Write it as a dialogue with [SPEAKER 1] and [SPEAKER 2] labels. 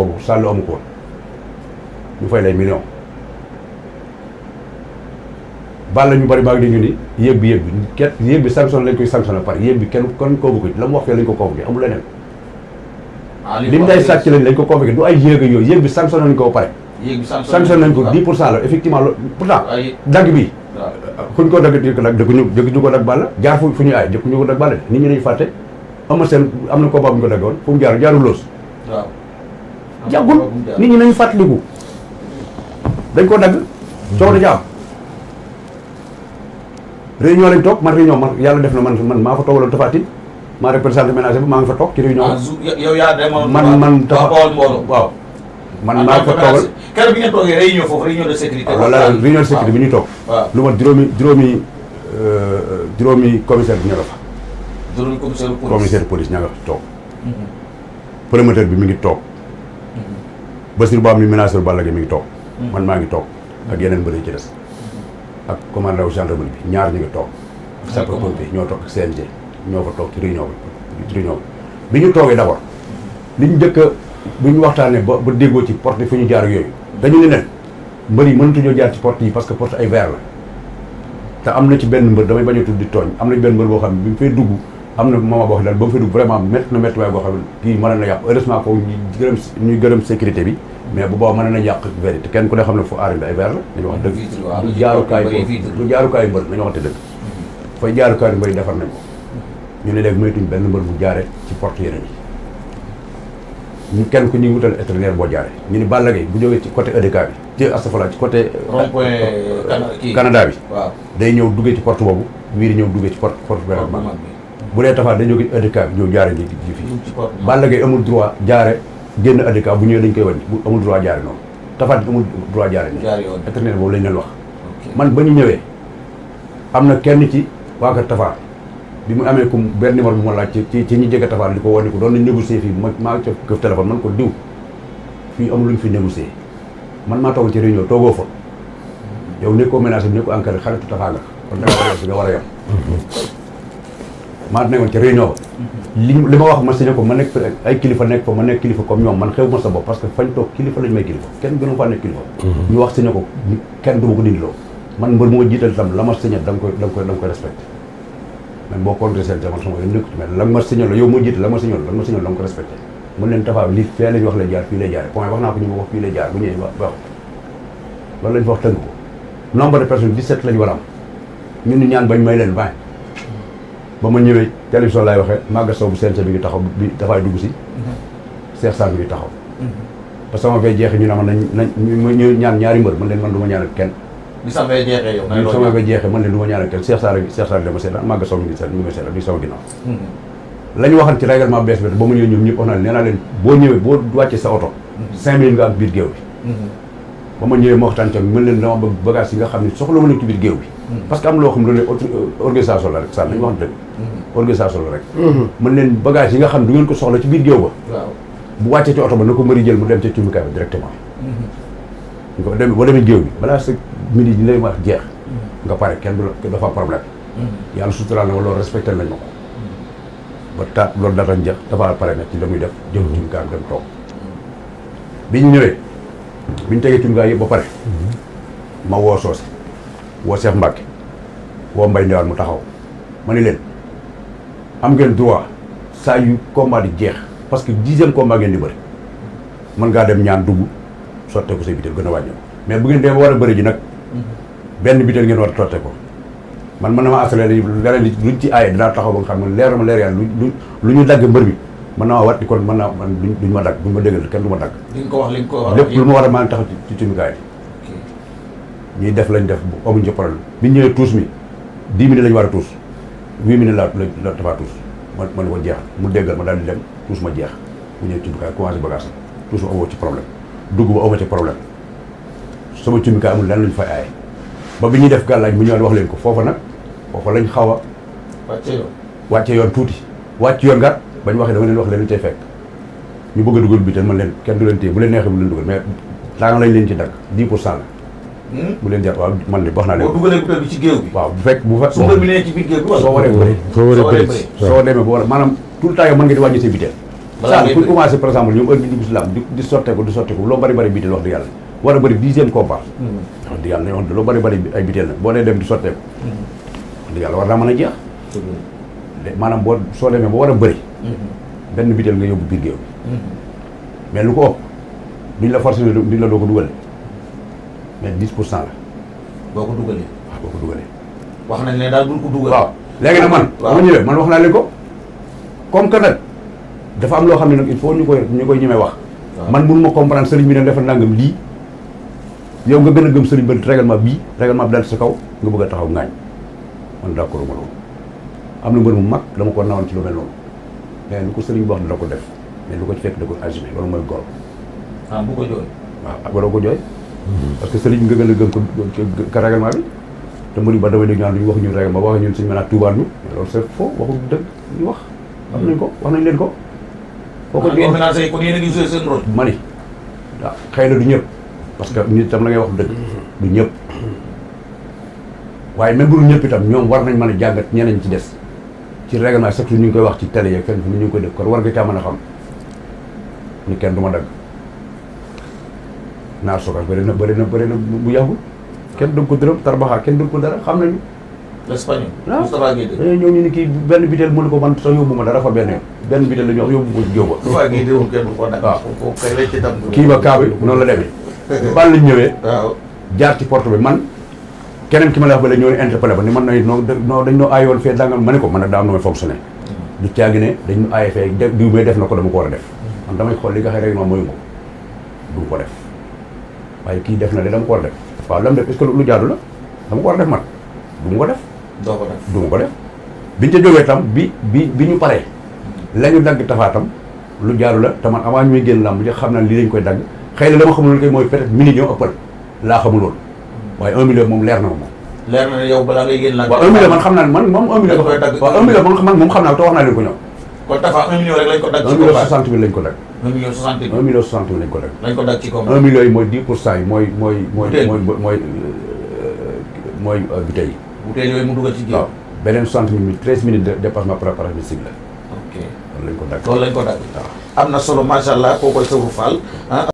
[SPEAKER 1] boobu Sall amu ko woon ñu fay lay million bal la ñu bari baag di ñu ni yéeg bi yéeg bi kenn yéeg bi sanction lañ koy sanctionné par yéeg bi kenn kon convoqué la mu lañ ko convoqué amul leneen ah, li mu day lañ lañ ko convoqué du ay yéeg yooyu yéeg bi sanctionné nañ ko ba pare sanctionné nañ ko dix pour cent la effectivement loolu bi fu ñu ko dagg di ko dagg dëkk ñu dëkk ñu ko dagg bàll jaar fu fu ñu aay dëkk ñu ko dagg bàll nit ñi dañu fàtte am na seen am na combat bu ñu ko daggoon fu mu jaar jaaru loos yàggul nit ñi nañ fàttaliku dañ ko dagg coow da ca am réunion lañ toog man réunion man yàlla def na man man maa fa toogaloon tafatin maa représenté ménage bi maa ngi fa toog ci réunion ah, man man tafa waaw man ah, maa fa toogal keroog bi ngeen toogee réunion ah, bi ñuy toog lu ma juróomi juróomi euh, juróomi commissaire bi ña nga fa juróomi commissaire police ña toog mhm. promoteur bi mi ngi toog Basir Ba mi menaceur Balla Gaye mi ngi toog man maa ngi toog ak yeneen bëri ci des ak commandant wu gendarmerie bi ñaar ñu ngi toog sapeur pompier ñoo toog CNG ñoo ko toog ci réunion bi réunion bi ñu toogee d'abord liñ njëkk a bu ñu waxtaanee ba ba déggoo ci porte fu ñu jaar yooyu dañu ne leen mbër yi mënatuñoo jaar ci porte yi parce que porte ay verre la te am na ci benn mbër damay bañ a tudd di tooñ am na ci benn mbër boo xam ne bi mu fay dugg am na moment boo xam ne ba mu fa dugg vraiment métti na métti boo xam ne kii mën na yàq heureusement ko ñu gërëm ñu gërëm sécurité bi mais bu boobaa mën nañ yàq vérité kenn ku ne xam ne fu aar bi ay verre la nañu wax dëgg du jaarukaay du jaarukaayu mbër nañu waxante dëgg fay jaarukaayu mbër yi defar nañ ko ñu ne léegi moytuñ benn mbër bu jaaree ci port yeneen yi ñu kenn ku ñuy wutal vétérinaire boo jaaree ñu ne Balla Gaye bu jógee ci côté EDK bi ci astafala ci côté euh, Canada bi day ñëw duggee ci porte boobu wiiri ñëw duggee ci porte porte bu dee Tapha dañoo gis handicap bi ñëw jaare ji ji fii Balla Gaye amul droit jaare génn handicap bu ñëwee dañ koy wàññi bu amul droit jaare noonu Tapha amul droit jaare nii entraîneur boobu lañ leen wax man ba ñu ñëwee am na kenn ci waa kër mu amee kum benn numéro bu ma laaj ci ci ñi jege Tapha di ko woon ko doon nañ négocier fii ma maa ca këf téléphone man ko diw fii amul luñ fi négocier man maa toog ci réunion toogoo fa yow nekkoo ménage bi nekkoo encadré xaritu Tapha nga kon da nga war a yem maa nekkoon ci réunion li li ma wax ma signé ko ma nekk ay kilifa nekk fa ma nekk kilifa comme ma sa bopp parce que fañ toog kilifa lañ may nekk kilifa mhm. ko man mbër moo jiital tam la ma signé da nga koy da nga koy da man la ma leen tafaa li fee lañ wax lay jaar fii lay jaar point wax naa ko ñu ma wax fii lay jaar bu ñëwee loolu lañ fa wax tënk ko nombre de personnes 17 lañ war am ñun ñu ñaan bañ may leen vingt ba ma ñëwee télévision laay waxee Maguette Sow bu CNG bi ngi taxaw bi dafay dugg si. Mhm. Cheikh Sarr bi ngi taxaw. Mhm. ba sama fee jeexee ñu ne ma na nañ ñu ñaan ñaari mbër man leen man du ma ñaanal kenn. bi sama fee jeexee yow. bi sama fee dama seetaan Maguette Sow mi ngi seetaan mi ngi seetaan mi ngi sama mhm. ñu waxan ci règlement bees bi ba mu ñëwee ñoom ñëpp wax naa leen nee naa leen boo ñëwee boo wàccee sa oto. 5000 nga am biir géew bi ba ma ñëwee ma waxtaan mën leen dama bëgg bagage yi nga xam soxla ma ci biir géew bi hmm. parce que am loo xam ne euh, organisation la rek sànni ñu wax dëgg hmm. organisation la rek hmm. mën leen bagage yi nga xam du ngeen ko soxla ci biir géew ba bu wàccee ci oto ba na mëri jël mu dem ca cumikaay ba directement nga dem boo demee géew bi balaa sa midi ñu lay wax jeex nga kenn du dafa problème na respecté nañ ba jeex dafa ci def dem bi ñu gai cungaay yëpp ba pare ma woo soose woo Cheikh Mbacke woo Mbaye Ndewaan mu taxaw ma ne am ngeen droit saa yu combat di jeex parce que dixième combat ngeen di bëri mën ngaa dem ñaan dugg sotte ko say bitel gën a mais bu ngeen dee ba war a bëri ji nag benn bitel ngeen war a ko man mën ma assuré leneen luñ ci aaye dinaa taxaw ba nga xam ne ma dagg bi mën naa waat ni kon mën naa man duñ ma dagg duñ ma ma dagg. ko wax li nga ko wax lépp lu ma war a mën a ci ci gaay ñuy def lañ def amuñ ci problème bi ñu ñëwee tuus mi dix minutes lañ war a tuus huit minutes laa la tafaa tuus ma ma ko jeex mu déggal ma daal di dem ma jeex mu ñëw cumbukaay commencé bagage la tuus ma amoo ci problème dugg ba amoo ci problème sama lan lañ fay aaye ba bi ñuy def gàllaaj mu ñëwaat wax leen ko foofu nag foofa lañ xaw a. wàcce yoon yoon tuuti wàcc yoon nga bañ waxee dama leen wax leen lu fekk ñu bëgg a dugal bi man leen kenn du leen téye bu leen neexee bu leen dugal mais temps lañ leen ci dagg 10 pour hmm? bu leen jar waaw man de wax naa leen. boo dugalee butéel waaw bu fekk bu fa. soo waree bëri soo waree bëri. soo waree bëri tout le temps yow mën di wàññi say butéel. balaa ngay bëri bi dugg si laam di yàlla war a bëri dixième combat. Hmm. wax dëgg yàlla loo bari bari ay la dem di sotteeku. Hmm. wax dëgg yàlla war naa mën a jeex maanaam boo soo demee ba war a bëri. Mhm. benn biteel nga yóbbu biir géew bi. Mhm. mais lu ko ëpp duñ la forcer duñ la doo ko dugal mais 10 pour cent la. boo ko dugalee. waaw ah, boo ko dugalee. wax nañ ne daal bul ko dugal. waaw léegi nag man. waaw ma ñëwee man wax naa leen ko comme que nag dafa am loo xam ne nag il faut ñu koy ñu wax. man mënu comprendre sëriñ bi ne dafa nangam lii yow nga gën gëm sëriñ ba règlement bii règlement bi daal sa kaw nga bëgg taxaw ngaañ man d'accord ma loolu. am na mbër mu mag dama ko nawoon ci lu mel noonu mais lu ko sëriñ bi wax dina ko lu ko ci fekk da ko assumé ah, ko jooy. waaw ko jooy. parce que sëriñ nga gën a gëm ko ka règlement bi te mbëri ba damay dégg ñu wax ñun règlement wax ñun suñu mën a tuubaat ñu loolu c'est faux waxu dëgg ñu wax. am nañ ko wax nañ leen ko. kooku ngeen ah ma ni waaw ah, xëy na du ñëpp parce que nit tam la ngay wax dëgg du ñëpp waaye même bu dul ñëpp itam ñoom war nañ mën a jàngat ñeneen ci des ci règlement chaque jour ñu ngi koy wax ci télé yeeg fenn fu ñu ngi koy def kon war nga caa a xam ni kenn du ma dagg naar sokas bëri na bëri na bëri na bu yàggul kenn du ko dërëm tarbaxa kenn du ko dara xam nañu. espagnol. waaw ah, Moustapha Guèye dañoo ñëw ñu ni kii benn bitel mënu ko man sax yóbbu ma dara fa benn benn bitel la ñu wax yóbbu ko ci Diop. Moustapha Guèye déwén kenn du ko dagg. waaw ah. kooku kii ba kaa bi noonu la demee. ban ñëwee. jaar ci porte bi man. keneen ki ma la wax ba léegi ñoo ne interpellé ba ni man nay non dañ noo aayoon fee dangam ma ne ko man nag daa am na may fonctionné du caagi ne dañ aaye fee diw def na ko dama ko war a def man damay xool li nga xëy rek non mooy ko ko def waaye kii def na de dama ko war def waaw lam def est-ce que lu jaadu la a def man du ma ko def doo ko def du ma ko jógee tam bi bi bi ñu paree la ñu dagg tam lu jaaru la te man avant ñu muy génn làmb ji xam na li lañ koy dagg xëy na dama xamul koy mooy peut-être mini ñoo ëppal laa xamul woon waaye 1 million moom leer na moom. leer na yow balaa ngay xam naa ne man moom 1 million. xam naa te wax naa leen ko ñoom. kon Tapha 1 million lañ ko dagg. ci combat 1 million 60 mille lañ ko dagg. 1 million ko dagg. ko dagg ci combat 1 million yi mooy mooy mooy. butéel mooy mooy euh, mooy mooy euh, butéel yi. butéel yooyu mu dugal ci beneen 60 mille 13 minutes de dépassement préparation physique la. ok lañ ko dagg. loolu lañ ko dagg. am na solo macha allah koo koy Sow Fall ah.